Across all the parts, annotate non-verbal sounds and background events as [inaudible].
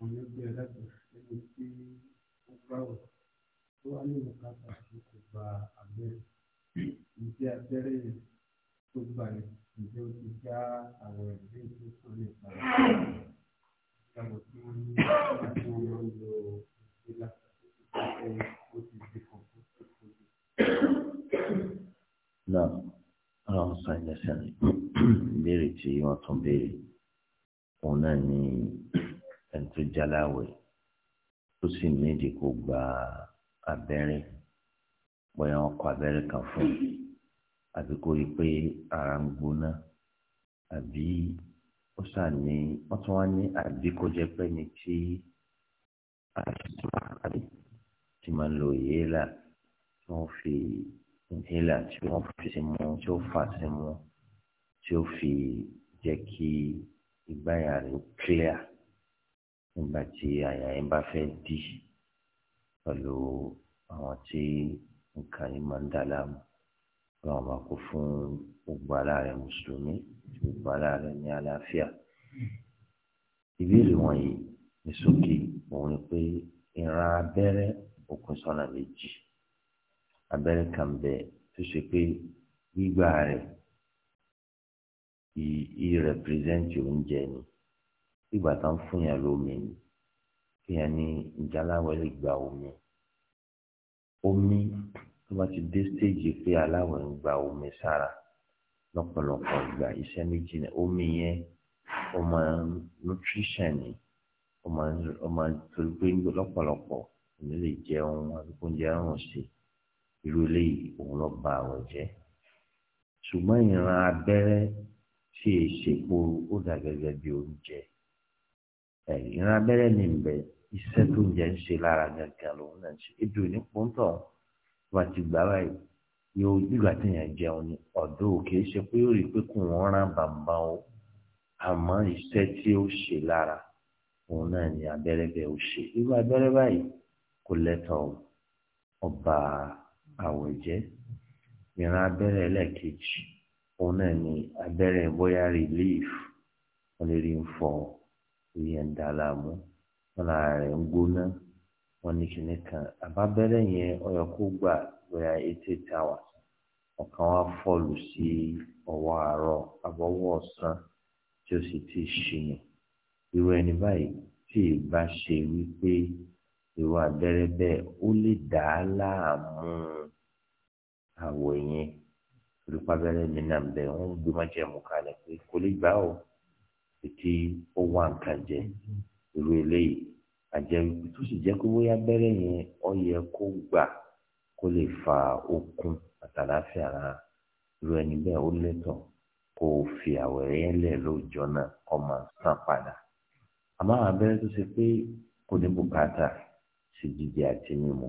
àwọn ẹgbẹ́ ẹlẹ́gbẹ́ ẹni tí ó gbàwọ̀ tó wá ní ìmọ̀káta tí kò gba abẹ́rẹ́ ǹjẹ́ abẹ́rẹ́ yẹn tó gbà ní ǹjẹ́ ó ti já àwọn ẹ̀gbẹ́ tó kàn ní ìpàdé ìyàwó tí wọ́n ní láti wọ́n máa ń lo ìgbélá ó ti di kọ̀ọ̀kan tó kọjú. náà ọlọ́run sọ ilẹ̀ sẹ́ni ìbéèrè tí wọ́n tún béèrè òun náà ní ẹni tó jaláwẹ̀ tó sì nídìí kó gba abẹ́rẹ́ bóyá wọn kọ abẹ́rẹ́ kan fún un àbí kó rí i pé ara ń gbóná àbí ó ṣàní wọ́n tún wá ní àbí kó jẹ́ pé ní tí tí máa ń lo ìhélà tí wọ́n fi ìhélà tí wọ́n fi sí mu tí ó fà sí mu tí ó fi jẹ́ kí ìgbáyà rẹ̀ clear nígbà tí àyà yẹn bá fẹ́ dì pẹ̀lú àwọn tí nǹkan yìí máa ń dà láàmú ọlọ́run bá kó fún gbogbo aláàrẹ mùsùlùmí gbogbo aláàrẹ ní àlàáfíà ìbéèrè wọ̀nyí ní ṣókí òun ni pé ìran abẹ́rẹ́ òkun sọ́nà méjì abẹ́rẹ́ kan bẹ tó ṣe pé gbígbà rẹ̀ ì ì oúnjẹ ni ìgbà tá ń fún yàn lómi ni kí yàn ní ìjáláwọ̀ lè gba omi omi tó bá ti dé stéèjì pé aláwọ̀ ń gba omi sára lọ́pọ̀lọpọ̀ ìgbà iṣẹ́ méjì ni omi yẹn ó máa ń nutrition ni ó máa ń ó máa ń torí pé lọ́pọ̀lọpọ̀ òní lè jẹ ohun àdúgbò oúnjẹ sí irú eléyìí òun lọ ba àwọ̀ jẹ́ ṣùgbọ́n ìran abẹ́rẹ́ tí èsèpo ó dà gẹ́gẹ́ bí oúnjẹ ìran abẹ́rẹ́ ní ìbẹ̀ iṣẹ́ tó ń jẹ́ ń ṣe lára gàgà lòun náà ṣe ètò ìnípò ń tọ̀ wá ti gbà báyìí yóò ìgbà tí yẹn jẹun ni ọ̀dọ́ òkè ṣe pé ó rí i pé kò o àmọ́ iṣẹ́ tí ó ṣe lára òun náà ni abẹ́rẹ́ bẹ́ẹ̀ ó ṣe irú abẹ́rẹ́ báyìí kò lẹ́tọ̀ọ́ ọba àwẹ̀ jẹ́ ìran abẹ́rẹ́ ẹlẹ́ẹ̀kejì òun náà ni abẹ́rẹ́ bóyá relief wọ́n lè rí ń fọ́ ọ. ihe ń dàlá mú wọn lára rẹ̀ ń gbóná wọn ní kinní kan àbábẹ́rẹ́ yẹn ọyọ kó gbà bóyá eighty sí ọ̀sán tí ó sì ti ṣìyàn irú ẹni báyìí tí bá ṣe wípé irú abẹ́rẹ́ bẹ́ẹ̀ ó lè dà á láàmú àwọ̀ yẹn mi tí ó wà nǹkan jẹ irú eléyìí àjẹmí tó sì jẹ́ pé bóyá abẹ́rẹ́ yẹn ó yẹ kó gbà kó lè fa okun àtàláfíà ara irú ẹni bẹ́ẹ̀ ó lẹ́tọ̀ kó o fi àwẹ̀rẹ́ yẹn lẹ̀ lóòjọ́ náà kọ́ máa sàn padà àmọ́ àwọn abẹ́rẹ́ tó ṣe pé kò ní bùkátà sí jíjẹ àti mímu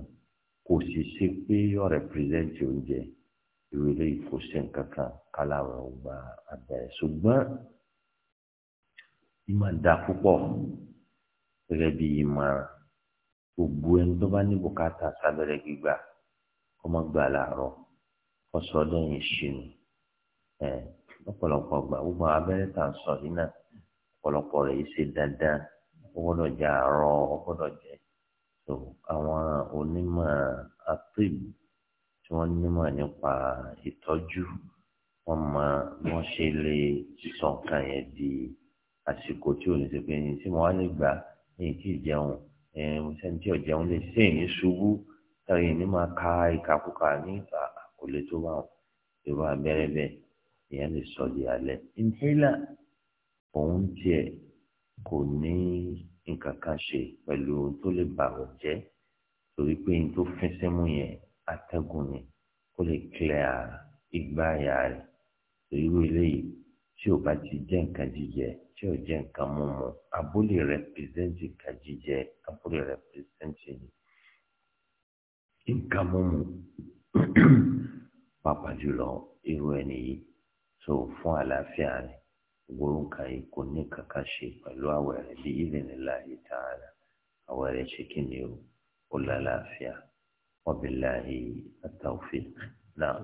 kò sì ṣe pé yóò rẹpírẹ́sẹ̀ntì oúnjẹ irú eléyìí kò sí nǹkan kan káláwọ̀ ọgbà abẹ́rẹ́ ṣùgbọ́n ìmọ̀ da púpọ̀ gẹ́gẹ́ bí ìmọ̀ràn gbogbo ẹni tó bá ní bùkátà sábẹ́rẹ́ gbígbà kó mọ́ gbà láàárọ̀ kó sọ lẹ́yìn ìṣirò ẹ̀ lọ́pọ̀lọpọ̀ gbà gbogbo abẹ́rẹ́ tà ń sọ yìí náà ọ̀pọ̀lọpọ̀ rẹ̀ yìí ṣe dandan ó gbọ́dọ̀ jẹ́ àárọ̀ ó gbọ́dọ̀ jẹ́ so àwọn onímọ̀ àtìbù tí wọ́n nímọ̀ nípa ìtọ́jú wọ́n mọ bí wọ́n ṣe lè sọ nǹkan yẹn di àsìkò tí ò ní ṣe pé ẹyin tí mo wá lè gbà ẹyin tí ìjẹun ẹyin sẹni tí ọjẹun lè ṣe èyí ṣubú ẹyin ní máa ka ìkàkùkà ní kò lè tó bá wọn ìwà abẹ́rẹ́ bẹ́ẹ̀ ìyẹn lè sọ di alẹ́ inhaler òun tiẹ̀ kò ní nǹkan kan ṣe pẹ̀lú ohun tó lè bà wọ́n jẹ́ torí pé ohun tó fín símú yẹn atẹ́gùn ni kó lè clear igbá àyà rẹ̀ torí wọ́n eléyìí tí ò bá ti jẹ́ nǹkan jíjẹ tí ò jẹ́ nǹkan mímu abúlé rẹpìrìsẹ́ǹtì kan jíjẹ abúlé rẹpìrìsẹ́ǹtì nǹkan mímu [clears throat] pàápàá jùlọ irú ẹni yìí tó fún àlàáfíà rẹ gbórùn kan yìí kò ní kankan ṣe pẹ̀lú àwẹ̀ rẹ bí ìrìnláyè tààrà àwẹ̀ rẹ ṣe kí ni o ó lálàáfíà wabillahi at-tawfiq náà.